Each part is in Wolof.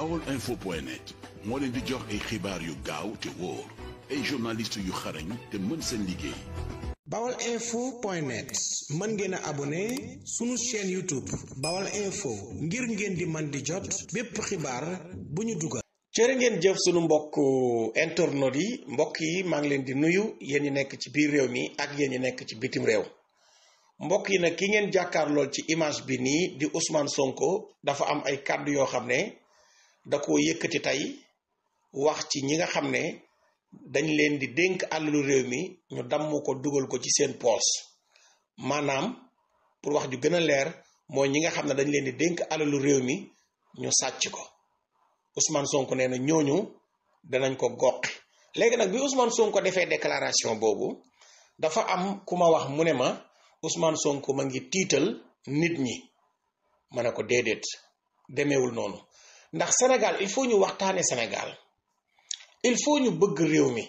bawol info moo leen di jox ay xibaar yu gaaw te wóor ay journaliste yu xarañ te mën seen liggéey. bawal info ngeen a abonné sunu chaîne YouTube bawal info ngir ngeen di man di jot bépp xibaar bu ñu dugal. jërë ngeen jëf sunu mbokk internautes yi mbokk yi maa ngi leen di nuyu yéen ñi nekk ci biir réew mi ak yéen ñi nekk ci bitim réew mbokk yi nag ki ngeen jàkkaarlool ci image bi nii di Ousmane Sonko dafa am ay kàddu yoo xam ne da koo yëkkati tey wax ci ñi nga xam ne dañ leen di dénk àllalu réew mi ñu damm ko dugal ko ci seen poos maanaam pour wax ju gën a leer mooy ñi nga xam ne dañ leen di dénk àllalu réew mi ñu sàcc ko Ousmane Sonko nee na ñooñu danañ ko goqi léegi nag bi Ousmane ko defee déclaration boobu dafa am ku ma wax mu ne ma usmaan Sonko ma ngi tiital nit ñi ma ne ko déedéet demewul noonu ndax senegal il faut ñu waxtaanee Sénégal il faut ñu bëgg réew mi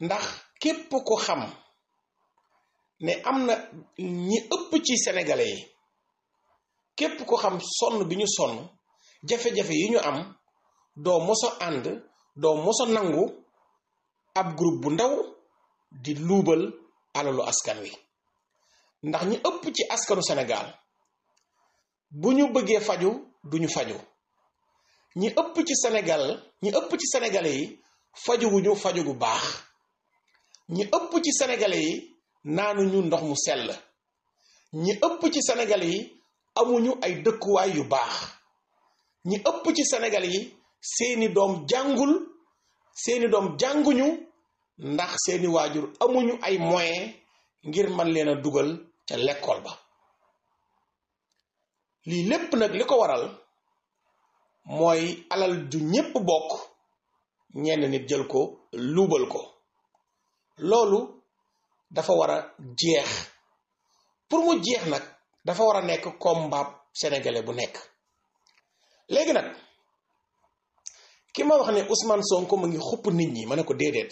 ndax képp ko xam ne am na ñi ëpp ci sénégalais yi képp ko xam sonn bi ñu sonn jafe-jafe yi ñu am doo moso ànd doo moso nangu ab groupe bu ndaw di luubal alalu askan wi ndax ñi ëpp ci askanu Sénégal bu ñu bëggee faju duñu faju ñi ëpp ci senegal ñi ëpp ci sénégalais yi fajuwuñu faju gu baax ñi ëpp ci sénégalais yi naanuñu ndox mu sell ñi ëpp ci sénégalais yi amuñu ay dëkkuwaay yu baax ñi ëpp ci sénégalais yi seeni doom jàngul seeni doom jànguñu ndax seeni waajur amuñu ay moyen ngir man leen a dugal ca lekkool ba lii lépp nag li ko waral mooy alal ju ñépp bokk ñenn nit jël ko luubal ko loolu dafa war a jeex pour mu jeex nag dafa war a nekk combat sénégalais bu nekk léegi nag ki ma wax ne usman Sonko ma ngi xupp nit ñi ma ne ko déedéet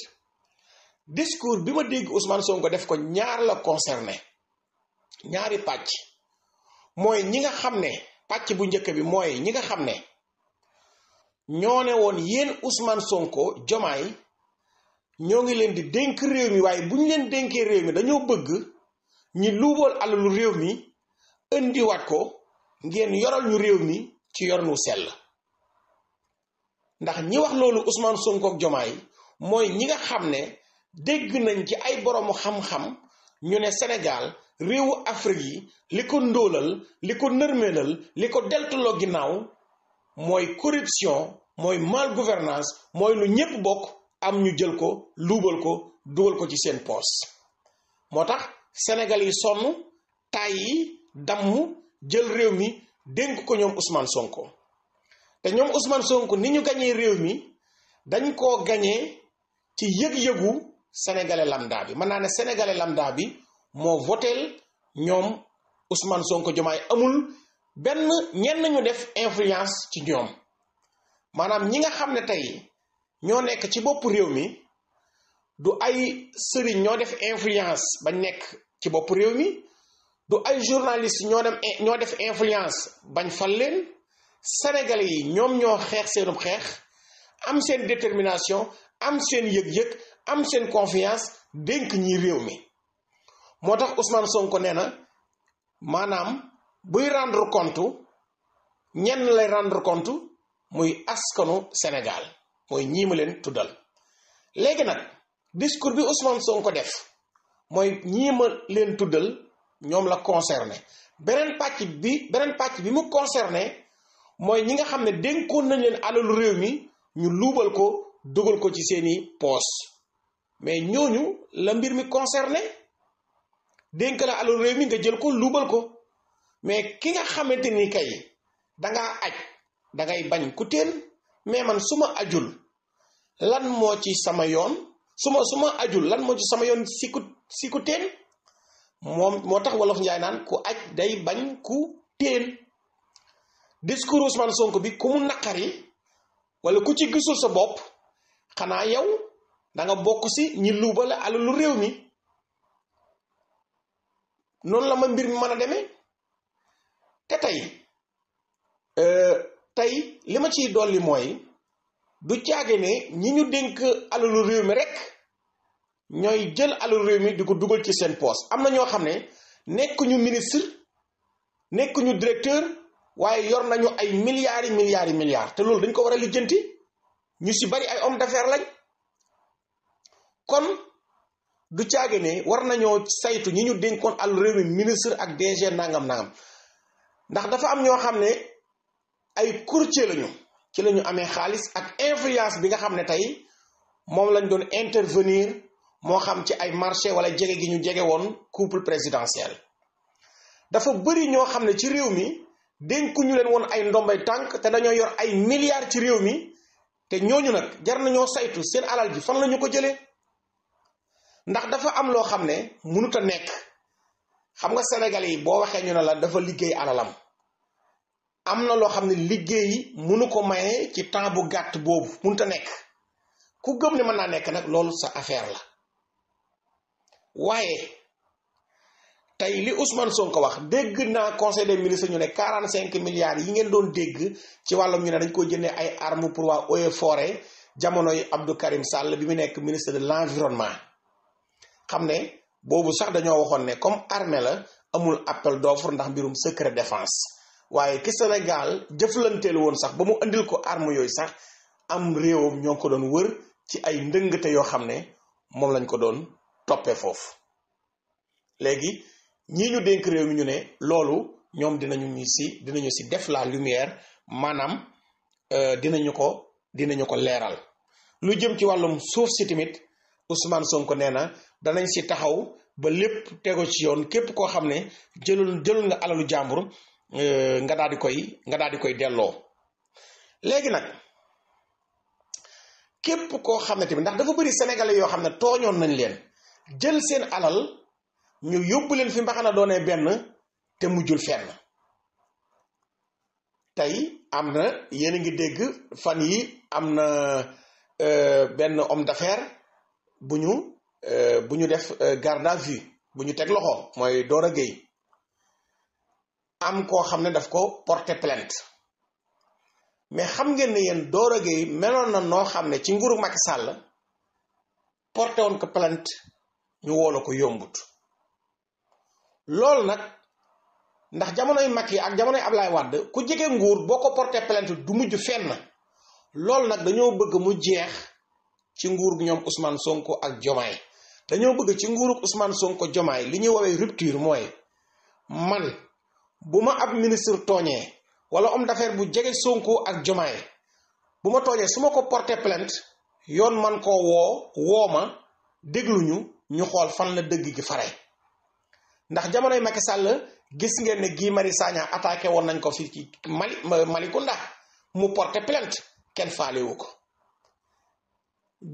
discours bi ma dégg usman Sonko def ko ñaar la concerné ñaari pàcc mooy ñi nga xam ne pàcc bu njëkk bi mooy ñi nga xam ne ñoo ne woon yéen usmaan Sonko Jomaay ñoo ngi leen di dénk réew mi waaye bu ñu leen dénkee réew mi dañoo bëgg ñi luubool alalu réew mi indiwaat ko ngeen yoral ñu réew mi ci yornu sell ndax ñi wax loolu Ousmane sonkook ak Jomaay mooy ñi nga xam ne dégg nañ ci ay boroomu xam-xam ñu ne Sénégal réewu Afrique yi li ko ndóolal li ko nërmeelal li ko deltuloo ginnaaw mooy corruption mooy mal gouvernance mooy lu ñépp bokk am ñu jël ko luubal ko dugal ko ci seen poos moo tax Sénégal yi sonn tay yi damm jël réew mi dénk ko ñoom Ousmane Sonko te ñoom Ousmane Sonko ni ñu gañee réew mi dañ ko gañee ci yëg-yëgu sénégalais lambda bi mën naa ne sénégalais lambda bi moo voteel ñoom Ousmane ko Diomaye amul benn ñenn ñu def influence ci ñoom maanaam ñi nga xam ne tey ñoo nekk ci bopp réew mi du ay sëriñ ñoo def influence bañ nekk ci bopp réew mi du ay journaliste ñoo dem ñoo def influence bañ fal leen Sénégalais yi ñoom ñoo xeex seenum xeex am seen détermination am seen yëg-yëg am seen confiance dénk ñi réew mi moo tax Ousmane Sonko nee na maanaam buy rendre compte ñenn lay rendre compte muy askanu Sénégal mooy ñii ma leen tuddal léegi nag discours bi son ko def mooy ñii leen tuddal ñoom la concerné beneen pàcc bi beneen pàcc bi mu concerné mooy ñi nga xam ne dénkoon nañ leen alalu réew mi ñu luubal ko dugal ko ci seeni poos mais ñooñu la mbir mi concerné dénk la alal réew mi nga jël ko luubal ko mais ki nga xamante ni kay dangaa aj dangay bañ ku teel mais man suma ajul lan moo ci sama yoon su ma su lan moo ci sama yoon si ku si ku teel moom moo tax wolof njaay naan ku aj day bañ ku teel discours Ousmane Sonko bi ku mu naqari wala ku ci gisul sa bopp xanaa yow danga bokk si ñi luubale alalu réew mi noonu la ma mbir mi mën a demee te tey euh, tey li ma ciy dolli mooy du caage ne ñi ñu dénk alalu réew mi rek ñooy jël alalu réew mi di ko dugal ci seen poos am na ñoo xam ne nekkuñu ministre nekk ñu directeur waaye yor nañu ay milliards yi milliards yi te loolu dañ ko war a lijjanti ñu si bari ay homme d'affaires lañ kon du caage ne war nañoo saytu ñi ñu dénkoon àll réew mi ministre ak DG nangam ndax dafa am ñoo xam ne ay courtier lañu ci lañu amee xaalis ak influence bi nga xam ne tey moom lañ doon intervenir moo xam ci ay marché wala jege gi ñu jege woon couple présidentiel dafa bëri ñoo xam ne ci réew mi dénkuñu leen woon ay ndombay tànk te dañoo yor ay milliards ci réew mi te ñooñu nag jar nañoo saytu seen alal ji fan la ñu ko jëlee ndax dafa am loo xam ne mënut a nekk xam nga senegal yi boo waxee ñu ne la dafa liggéey alalam am na loo xam ne liggéey mënu ko maye ci temps bu gàtt boobu mënut a nekk ku gëm ne mën naa nekk nag loolu sa affaire la waaye tey li Ousmane Sonko wax dégg naa conseil des ministres ñu ne quarante cinq milliards yi ngeen doon dégg ci wàllum ñu ne dañ ko jëndee ay armes pour waa Eaux et Forêts jamono yi Abdou bi mu nekk ministre de l'environnement xam ne boobu sax dañoo waxoon ne comme armée la amul appel d'offre ndax mbirum secret défense waaye ki Sénégal jëflanteel woon sax ba mu andil ko arme yooyu sax am réewam ñoo ko doon wër ci ay ndëngate yoo xam ne moom lañ ko doon toppee foofu léegi ñii ñu dénk réew mi ñu ne loolu ñoom dinañu ñu si dinañu si def la lumière maanaam euh, dinañu ko dinañu ko leeral lu jëm ci wàllum suuf si tamit Ousmane Sonko nee na danañ si taxaw ba lépp tego ci yoon képp koo xam ne jëlul jëlul nga alalu jàmbur euh, nga daal di koy nga daal di koy delloo léegi nag képp koo xam ne tamit ndax dafa bari sénégalais yoo xam ne tooñoon nañ leen jël seen alal ñu yóbbu leen fi mbaxana doonee benn te mujjul fenn tey am na yéen a ngi dégg fan yi am na euh, benn homme d'affaires bu ñu Euh, bu ñu def euh, garde à vue bu ñu teg loxo mooy door a géey am koo xam ne daf ko porter plainte mais xam ngeen ne door a Gueye meloon na noo xam ne ci nguuru Macky sàll porté woon ko plainte ñu woola ko yombut loolu nag ndax jamonoy Macky ak jamonoy Ablaye Wade ku jege nguur boo ko porté plainte du mujj fenn loolu nag dañoo bëgg mu jeex ci nguurug ñoom Ousmane Sonko ak Jomaay dañoo bëgg ci nguurug Ousmane Sonko Jomaay li ñuy woowee rupture mooy man bu ma ab ministre tooñee wala homme d'affaires bu jege Sonko ak Jomaay bu ma tooñee su ma ko porté plainte yoon man koo woo woo ma dégluñu ñu xool fan la dëgg gi fare ndax jamonoy Macky Sall gis ngeen ne Guy mari Sagna attaqué woon nañ ko fii ci Mali ndax mu porté plainte kenn faalewu ko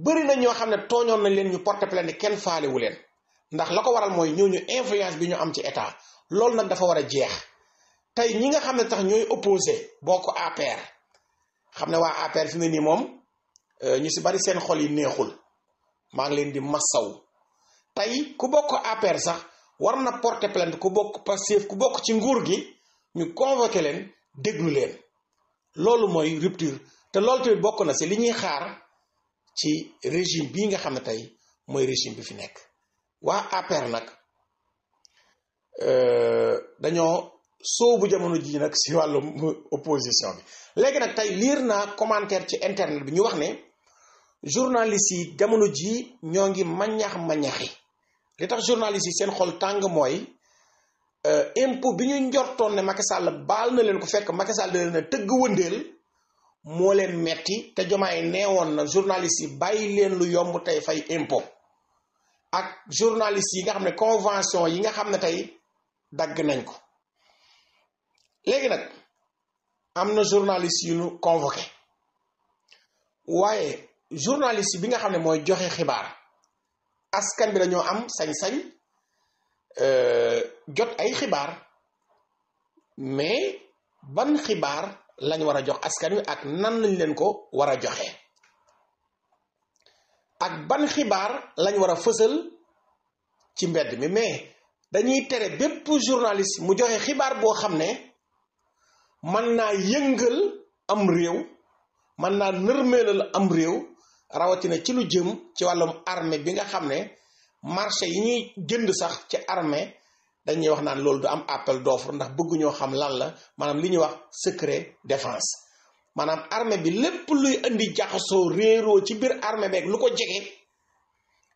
bëri na ñoo xam ne tooñoon nañ leen ñu porter plainte kenn faalewu leen ndax la ko waral mooy ñooñu influence bi ñu am ci état loolu nag dafa war a jeex tey ñi nga xam ne tax ñooy opposé bokk APR xam ne waa APR fi mu nii moom euh, ñu si bari seen xol yi neexul maa ngi leen di massaw tey ku bokk APR sax war na porter plainte ku bokk Pastef ku bokk ci nguur gi ñu convoqué leen déglu leen loolu mooy rupture te loolu tamit bokk na si li ñuy xaar ci régime bi nga xam ne tey mooy régime bi fi nekk waa APR nag euh, dañoo soobu jamono jii nag si wàllum opposition bi léegi nag tey liir naa commentaire ci internet bi ñu wax ne journaliste yi jamono jii ñoo ngi mañax mañaxi li tax journaliste yi seen xol tàng mooy euh, impôt bi ñu njortoon ne Macky Sall baal na leen ko fekk Macky Sall na leen a tëgg wëndeel moo leen metti te jomaay neewoon na journaliste yi bàyyi leen lu yomb tey fay impôt ak journaliste yi nga xam ne convention yi nga xam ne tey dagg nañ ko léegi nag am na journaliste yu ñu convoqué waaye journaliste bi nga xam ne mooy joxe xibaar askan bi dañoo am sañ-sañ euh, jot ay xibaar mais ban xibaar lañ war a jox askan wi ak nan lañ leen ko war a joxe ak ban xibaar lañ war a fësal ci mbedd mi mais dañuy tere bépp journalist mu joxe xibaar boo xam ne mën naa yëngal am réew mën naa nërmeelal am réew rawatina ci lu jëm ci wàllum armée bi nga xam ne marché yi ñuy jënd sax ci armée dañuy wax naan loolu du am appel d'offre ndax bëgguñoo xam lan la maanaam li ñu wax secret défense maanaam armée bi lépp luy indi jaxasoo réeroo ci biir armée beeg lu ko jege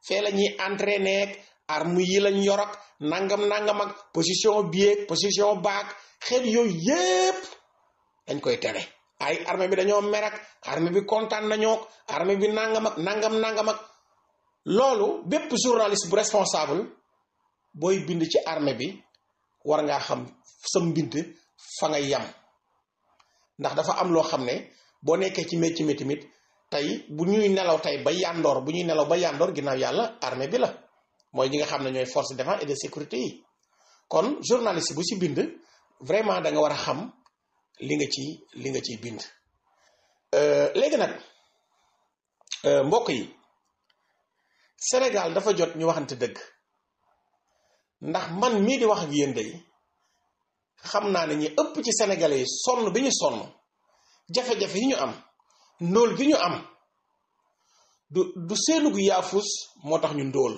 fee la ñuy entraîné ak arme yi lañ yor ak nangam nangam ak position biyeeg position baak xel yooyu yépp dañ koy tere ay armée bi dañoo mer ak bi kontaan nañoo armée bi nangam ak nangam nangam ak loolu bépp journaliste bu responsable. booy bind ci armée bi war ngaa xam sa mbind fa nga yam ndax dafa am loo xam ne boo nekkee ci métier mi tamit tey bu ñuy nelaw tey ba yàndoor bu ñuy nelaw ba yàndoor ginnaaw yàlla armée bi la mooy ñi nga xam ne ñooy force de défense et de sécurité yi kon journaliste bu ci bind vraiment danga war a xam li nga ci li nga ciy bind euh, léegi nag euh, mbokk yi Sénégal dafa jot ñu waxante dëgg ndax man mii di wax ak yéen day xam naa ne ñi ëpp ci sénégalais yi sonn bi ñu sonn jafe-jafe yi ñu am ndóol gi ñu am du du seenug yaafus moo tax ñu ndóol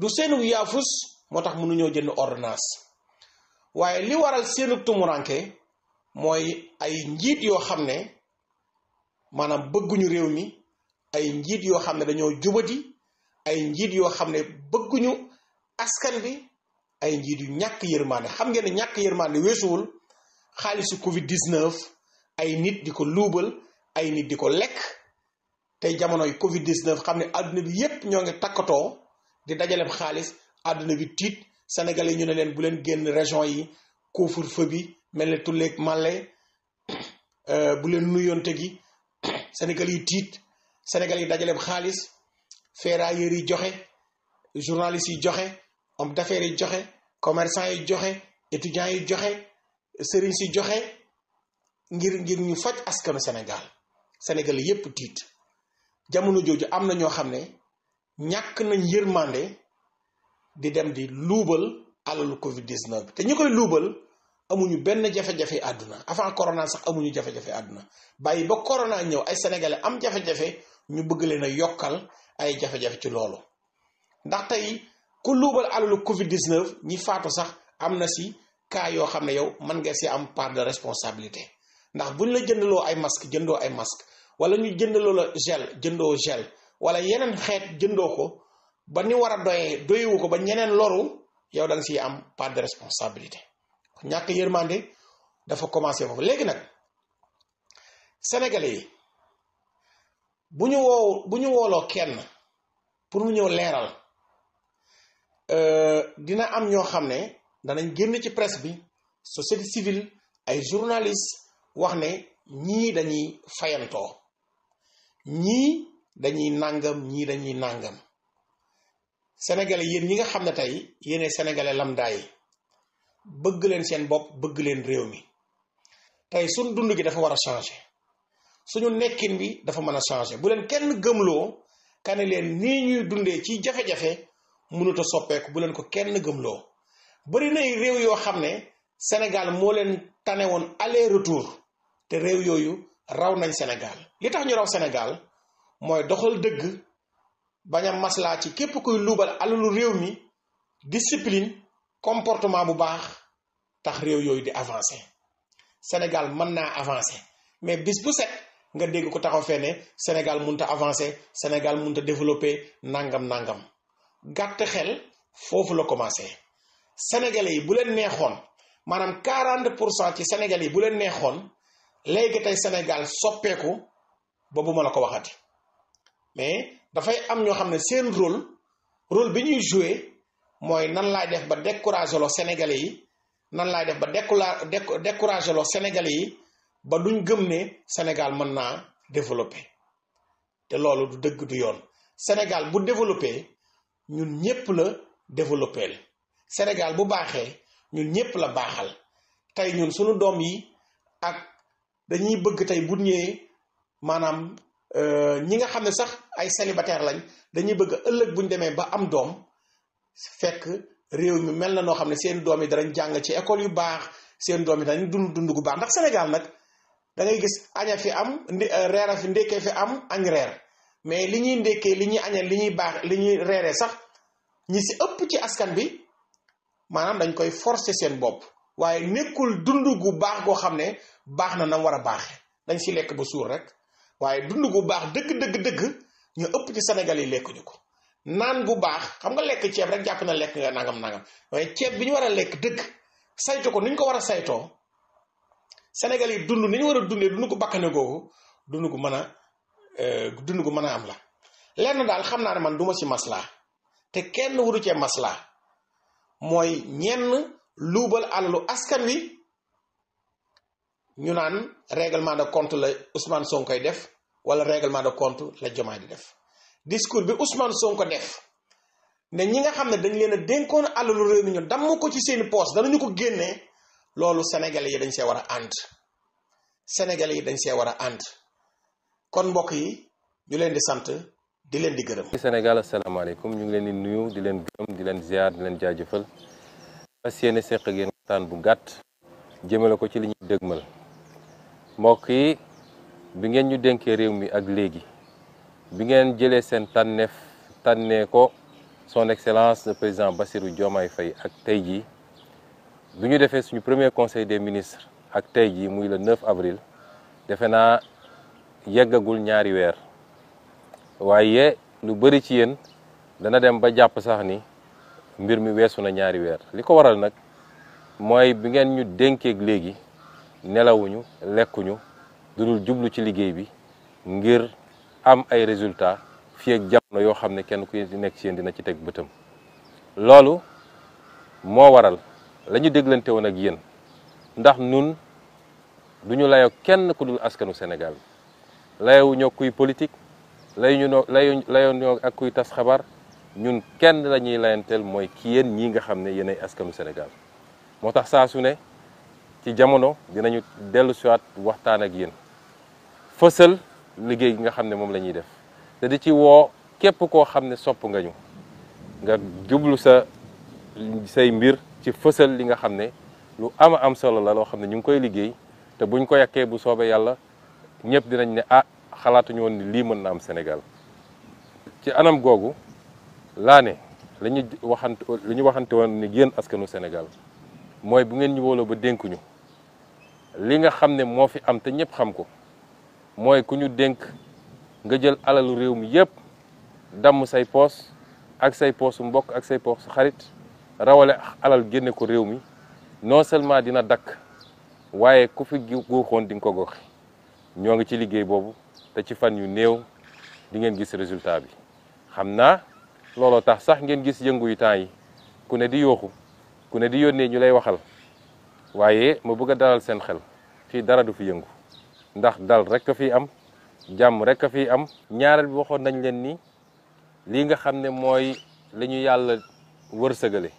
du seenug yaafus moo tax mënuñoo jënd ordonnance waaye li waral seenug tumuranke mooy ay njiit yoo xam ne maanaam bëgguñu réew mi ay njiit yoo xam ne dañoo jubati ay njiit yoo xam ne bëgguñu askan bi ay njiit yu ñàkk yërmaande xam ngeen ne ñàkk yërmaande weesuwul xaalisu Covid 19 ay nit di ko luubal ay nit di ko lekk tey jamonoy Covid 19 xam ne àdduna bi yëpp ñoo ngi takkatoo di dajaleem xaalis àdduna bi tiit Sénégal yi ñu ne leen bu leen génn région yi couvre-feu bi mel ne tulleeg màlle euh, bu leen nuyoonte gi Sénégal yi tiit Sénégal yi dajaleem xaalis ferrailleurs yi joxe journalistes yi joxe. homme d'affaires yi joxe commerçant yi joxe étudiants yi joxe sëriñ si joxe ngir ngir ñu faj askanu Sénégal Sénégal yépp tiit jamono jooju am na ñoo xam ne ñàkk nañ yërmande di dem di luubal alalu Covid 19 te ñu koy luubal amuñu benn jafe-jafe àdduna avant corona sax amuñu jafe-jafe àdduna bàyyi ba corona ñëw ay sénégalais am jafe-jafe ñu bëgg leen a yokkal ay jafe-jafe ci loolu ndax tey ku luubal alalu Covid 19 ñi faatu sax am na si kaa yoo xam ne yow man nga si am part de responsabilité ndax buñ la jëndaloo ay masque jëndoo ay masque wala ñu jëndaloo la gel jëndoo gel wala yeneen xeet jëndoo ko ba ni war a doyee doyewu ko ba ñeneen loru yow da si am part de responsabilité ñàkk yërmande dafa commencé foofu léegi nag sénégalais bu ñu woo bu ñu wooloo kenn pour mu ñëw leeral. Euh, dina am ñoo xam ne danañ génn ci presse bi société civile ay journaliste wax ne ñii dañuy fayantoo ñii dañuy nàngam ñii dañuy nàngam sénégale yéen ñi nga xam ne tey yéene sénégalais lambda bëgg leen seen bopp bëgg leen réew mi tey suñ dund gi dafa war a changer suñu nekkin bi dafa mën a changer bu leen kenn gëmloo kane leen nii ñuy dundee ci jafe-jafe mënut a soppeeku bu leen ko kenn gëmloo bëri nay réew yoo xam ne Sénégal moo leen tane woon aller retour te réew yooyu raw nañ Sénégal li tax ñu raw Sénégal mooy doxal dëgg bañ a maslaa ci képp kuy luubal alalu réew mi discipline comportement bu baax tax réew yooyu di avancé Sénégal mën naa avancé mais bis bu set nga dégg ko taxaw fee ne Sénégal mënut a avancer Sénégal mënut a développé nangam nangam. gàtt xel foofu la commencé sénégalais yi bu leen neexoon maanaam 40 pour cent ci sénégalais yi bu leen neexoon léegi tey Sénégal soppeeku boobu ma na ko waxati mais dafay am ñoo xam ne seen rôle rôle bi ñuy joué mooy nan laay def ba découragé loo sénégalais yi nan laay def ba découla découragé loo sénégalais yi ba duñ gëm ne Sénégal mën naa développé te loolu du dëgg du yoon Sénégal bu développé ñun ñépp la développeel Sénégal bu baaxee ñun ñépp la baaxal tey ñun suñu doom yi ak dañuy bëgg tey bu ñëwee maanaam euh, ñi nga xam ne sax ay célibataire lañ dañuy bëgg ëllëg buñ demee ba am doom fekk réew mi mel na noo xam ne seen doom yi danañ jàng ci école yu baax seen doom yi dañuy dund dund gu baax ndax Sénégal nag da ngay gis aña fi am reera fi ndekkee fi am añ reer mais li ñuy ndekkee li ñuy añal li ñuy baax li ñuy reere sax ñi si ëpp ci askan bi maanaam dañ koy forcer seen bopp waaye nekkul dund gu baax goo xam ne baax na nam war a baaxee dañ si lekk ba suur rek waaye dund gu baax dëgg dëgg dëgg ñu ëpp ci Sénégal yi ñu ko naan gu baax xam nga lekk ceeb rek jàpp na lekk nga nangam nangam waaye ceeb bi ñu war a lekk dëgg saytu ko ni ñu ko war a saytoo Sénégal yi dund ni ñu war a dundee dund gu bakkane googu dund gu mën a Euh, dund gu mën a am la lenn daal xam naa ne man duma ci maslaa te kenn waru cee maslaa mooy ñenn luubal alalu askan wi ñu naan règlement de compte la Ousmane koy def wala règlement de compte la Diomaye di def discours bi Ousmane Sonko def ne ñi nga xam ne dañ leen a dénkoon alalu réew mi ñu damm ko ci seeni poos danañu ko génnee loolu sénégal yi dañ see war a ànd sénégalais yi dañ see war a ànd kon mbokk yi ñu leen di sant di leen di gërëm. Sénégal asalaamaaleykum ñu ngi leen di nuyu di leen gërëm di leen ziar di leen jaajëfal fas yéene seq ak yéen bu gàtt jëmale ko ci li ñuy dëgmal mbokk yi bi ngeen ñu denkee réew mi ak léegi bi ngeen jëlee seen tànneef tànnee ko son excellence le président Bassirou Diomaye fay ak tey jii bi ñu defee suñu premier conseil des ministre ak tey jii muy le 9 avril naa. yeggagul ñaari weer waaye lu bari ci yéen dana dem ba jàpp sax ni mbir mi weesu na ñaari weer li ko waral nag mooy bi ngeen ñu dénkeeg léegi nelawuñu lekkuñu dudul jublu ci liggéey bi ngir am ay résultat fii ak jamono yoo xam ne kenn ku nekk ci yéen dina ci teg bëtam loolu moo waral lañu ñu ak yéen ndax nun ñu layoo kenn ku dul askanu senegal layewuñoo kuy politique layu ñu layu layoon ak kuy tas xabar ñun kenn la ñuy layanteel mooy kii yéen ñii nga xam ne yéenay askanu senegal moo tax saa su ne ci jamono dinañu dellu siwaat waxtaan ak yéen fësal liggéey gi nga xam ne moom la ñuy def te di ci woo képp koo xam ne sopp nga ñu nga jublu sa say mbir ci fësal li nga xam ne lu ama am solo la loo xam ne ñu ngi koy liggéey te buñ ko yàkkee bu soobee yàlla ñëpp dinañ ne ah xalaatuñu woon ni lii mën na am senegal ci anam googu laa ne la ñu waxante li waxante woon ni yéen askanu senegal mooy bu ngeen ñu wóoloo ba dénkuñu li nga xam ne moo fi am te ñëpp xam ko mooy ku ñu dénk nga jël alalu réew mi yëpp damm say poos ak say poosu mbokk ak say su xarit rawale alal génne ko réew mi non seulement dina dakk waaye ku fi guuxoon di nga ko goxi ñoo ngi ci liggéey boobu te ci fan yu néew di ngeen gis résultat bi xam naa looloo tax sax ngeen gis yëngu yu temps yi ku ne di yooxu ku ne di yónnee ñu lay waxal waaye ma bëgg a dalal seen xel fii dara du fi yëngu ndax dal rek a fi am jàmm rek a fi am ñaareel bi waxoon nañ leen nii lii nga xam ne mooy li ñu yàlla wërsëgale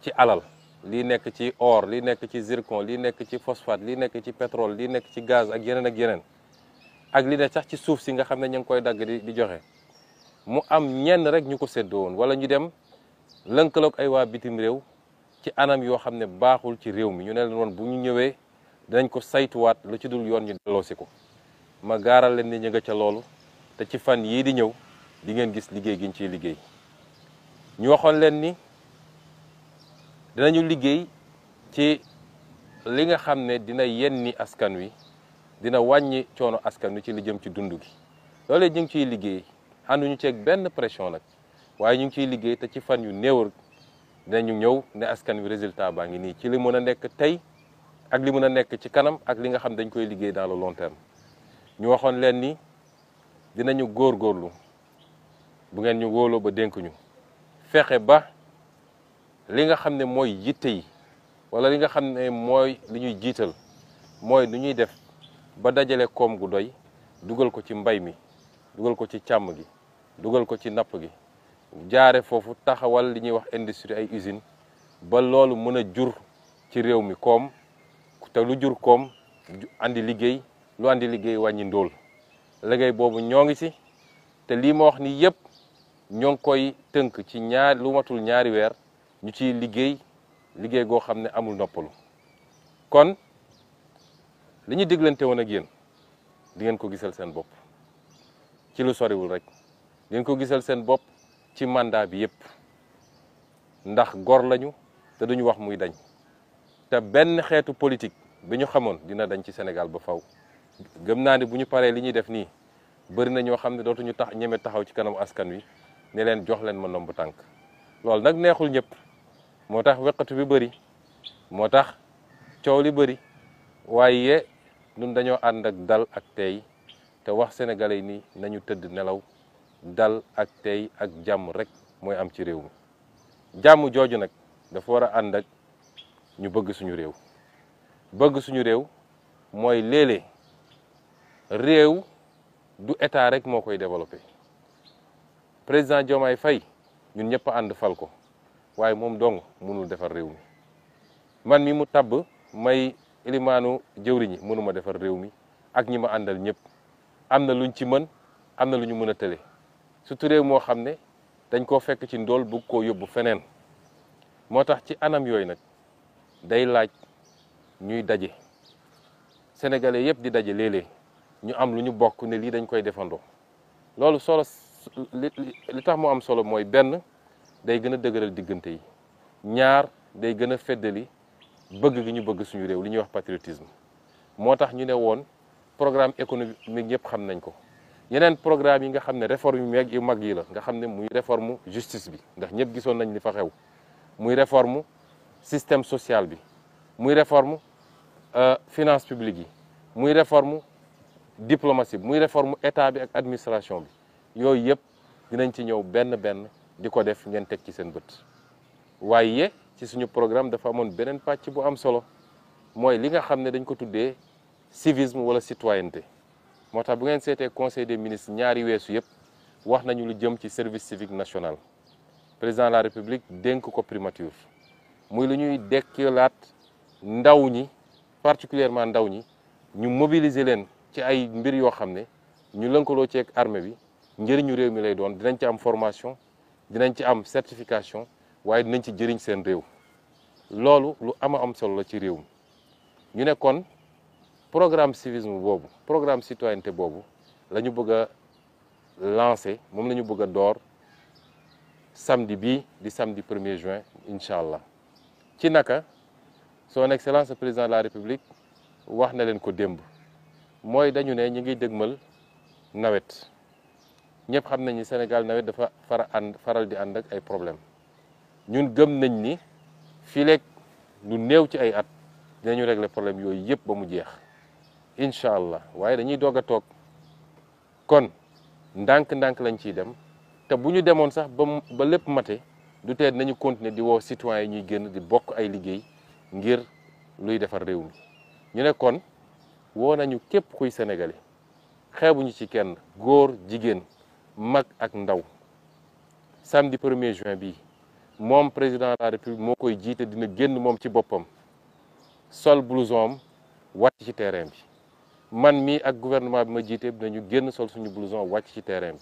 ci alal lii nekk ci or li nekk ci zircon lii nekk ci phosphate lii nekk ci pétrole lii nekk ci gaz ak yeneen ak yeneen ak li ne sax ci suuf si nga xam ne ñu ngi koy dagg di joxe mu am ñenn rek ñu ko séddoo woon wala ñu dem lënkaloog ay waa bitim réew ci anam yoo xam ne baaxul ci réew mi ñu ne leen woon bu ñu ñëwee dinañ ko saytuwaat la ci dul yoon ñu delloosi ko ma gaaral leen ni ñu nga ca loolu te ci fan yii di ñëw di ngeen gis liggéey giñ ciy liggéey ñu waxoon leen ni. dinañu liggéey ci li nga xam ne dina yenni askan wi dina wàññi coono askan wi ci li jëm ci dund gi loole ñu ngi ciy liggéey ànduñu ceeg benn pression nag waaye ñu ngi ciy liggéey te ci fan yu néewar dinañu ñëw ne askan wi résultat baa ngi nii ci li mën a nekk tey ak li mën a nekk ci kanam ak li nga xam dañ koy liggéey dans le long terme ñu waxoon leen ni dinañu góorlu bu ngeen ñu wóoloo ba dénk ñu fexe ba li nga xam ne mooy yitte yi wala li nga xam ne mooy li ñuy jiital mooy nu ñuy def ba dajale koom gu doy dugal ko ci mbay mi dugal ko ci càmm gi dugal ko ci napp gi jaare foofu taxawal li ñuy wax industrie ay usine ba loolu mën a jur ci réew mi koom te lu jur koom andi liggéey lu andi liggéey wàññi ndóol liggéey boobu ñoo ngi si te lii ma wax ni yëpp ñoo ngi koy tënk ci ñaar lu matul ñaari weer ñu ci liggéey liggéey goo xam ne amul noppalu kon li ñu diglante woon ak yéen di ngeen ko gisal seen bopp ci lu soriwul rek di ngeen ko gisal seen bopp ci màndaa bi yépp ndax gor lañu te duñu wax muy dañ te benn xeetu politique bi ñu xamoon dina dañ ci Sénégal ba faw gëm naa ne bu ñu paree li ñuy def nii bëri na ñoo xam ne dootuñu tax ñeme taxaw ci kanamu askan wi ne leen jox leen ma nomb tànk loolu nag neexul ñëpp moo tax weqatu bi bëri moo tax coow li bëri waaye ñun dañoo ànd ak dal ak tey te wax sénégalais ni nañu tëdd nelaw dal ak tey ak jàmm rek mooy am ci réew mi jàmm jooju nag dafa war a ànd ak ñu bëgg suñu réew bëgg suñu réew mooy léeg-léeg réew du état rek moo koy développé président Diomaye fay ñun ñëpp ànd fal ko waaye moom dong mënul defar réew mi man mi mu tabb may ilimaanu jëwriñi mënuma defar réew mi ak ñi ma àndal ñëpp am na luñ ci mën am na lu ñu mën a tële surtout réew moo xam ne dañ koo fekk ci ndool bugg koo yóbbu feneen moo tax ci anam yooyu nag day laaj ñuy daje sénégalais yëpp di daje léeg ñu am lu ñu bokk ne lii dañ koy defandoo loolu solo li tax mu am solo mooy benn day gën a dëgëral diggante yi ñaar day gën a feddali bëgg gi ñu bëgg suñu réew li ñuy wax patriotisme moo tax ñu ne woon programme économique ñëpp xam nañ ko yeneen programme yi nga xam ne réforme yu meeg yu mag yi la nga xam ne muy réforme justice bi ndax ñëpp gisoon nañ li fa xew muy réforme système sociale bi muy réforme euh, finance publique yi muy réforme diplomatie bi muy réforme état bi ak administration bi yooyu yëpp dinañ ci ñëw benn benn di ko def ngeen teg ci seen bët waaye ci suñu programme dafa amoon beneen pàcc bu am solo mooy li nga xam ne dañ ko tuddee civisme wala citoyenneté moo tax bu ngeen seetee conseil des ministres ñaari weesu yëpp wax nañu lu jëm ci service civique national président la république dénk ko primature muy lu ñuy laat ndaw ñi particulièrement ndaw ñi ñu mobiliser leen ci ay mbir yoo xam ne ñu lënkaloo ceeg armée bi njëriñu réew mi lay doon dinañ ci am formation dinañ ci am certification waaye dinañ ci jëriñ seen réew loolu lu ama am solo ci réew mi ñu nekkoon kon programme civisme boobu programme citoyenneté boobu la ñu bëgg a lancer moom lañu ñu bëgg a door samedi bi di samedi premier juin incha allah ci naka son excellence président de la république wax na leen ko démb mooy dañu ne ñu ngi dëgmal nawet ñëpp xam nañu ni Sénégal nawet dafa fara ànd faral di ànd ak ay problème ñun gëm nañ ni fii leeg lu néew ci ay at dinañu regle problème yooyu yëpp ba mu jeex incha allah waaye dañuy doog a toog kon ndànk-ndànk lañ ciy dem te bu ñu demoon sax ba ba lépp mate du tee nañu continuer di woo citoyen yi ñuy génn di bokk ay liggéey ngir luy defar réew mi ñu ne kon woo nañu képp kuy sénégalais xeebuñu ci kenn góor jigéen mag ak ndaw samedi 1er juin bi moom président république moo koy jiite dina génn moom ci boppam sol blouson am wàcc ci terrain bi man mii ak gouvernement bi ma jiitee jiite dinañu génn sol suñu blouson wàcc ci terrain bi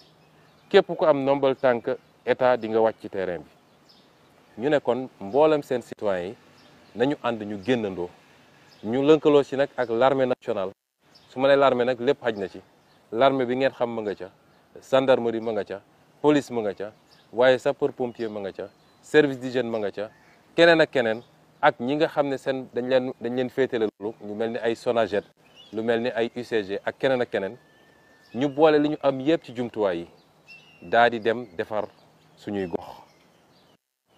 képp ku am nombal tànk état di nga wàcc ci terrain bi ñu ne kon mboolem seen citoyens yi nañu ànd ñu génnandoo ñu lënkaloo ci nag ak l'armée national su ma nee l'armée nag lépp xaj na ci l'armée bi ngeen xam ma nga ca gendarmerie ma nga ca police ma nga ca waaye sapeur pompier ma nga ca service di d'hygiène ma nga ca keneen ak keneen ak ñi nga xam ne seen dañ leen dañ leen féetale loolu ñu mel ni ay Sonaged lu mel ni ay UCG ak keneen ak keneen ñu boole li ñu am yëpp ci jumtuwaay yi daa di dem defar suñuy gox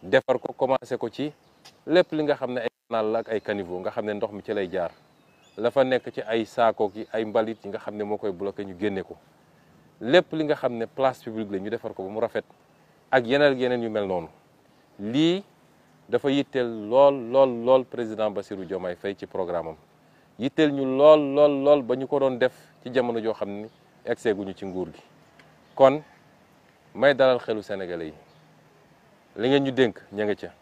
defar ko commencé ko ci lépp li nga xam ne ay canal la ay caniveau nga xam ne ndox mi ci lay jaar la fa nekk ci ay saako ki ay mbalit yi nga xam ne moo koy bloqué ñu génne ko lépp li nga xam ne place publique la ñu defar ko ba mu rafet ak yeneen ak yu mel noonu lii dafa yitteel lool lool lool président Bassirou Diomaye fay ci programme am yitteel ñu lool lool ba ñu ko doon def ci jamono joo xam ne egsee guñu ci nguur gi kon may dalal xelu sénégalais yi li ngeen ñu dénk ña nga ca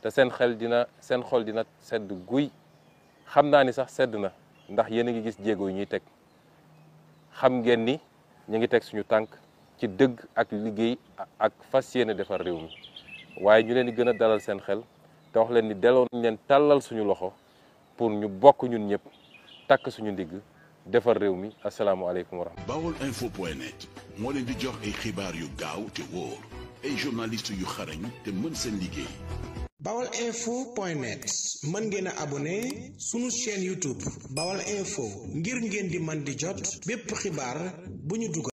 te seen xel dina seen xool dina sedd guy xam naa ni sax sedd na ndax yéen a ngi gis jéego yu ñuy teg xam ngeen ni ñu ngi teg suñu tànk ci dëgg ak liggéey ak fas yéene defar réew mi waaye ñu leen di gën a dalal seen xel te wax leen ni delloo nañ leen tàllal suñu loxo pour ñu bokk ñun ñëpp takk suñu ndigg defar réew mi asalaamualeykum wa rahmatulah. bawol moo leen di jox ay xibaar yu gaaw te wóor ay journaliste yu xarañ te mën seen liggéey. bawal info point net mën ngeen a abonné sunu chaîne youtube bawal info ngir ngeen di man di jot bépp xibaar bu ñu dugal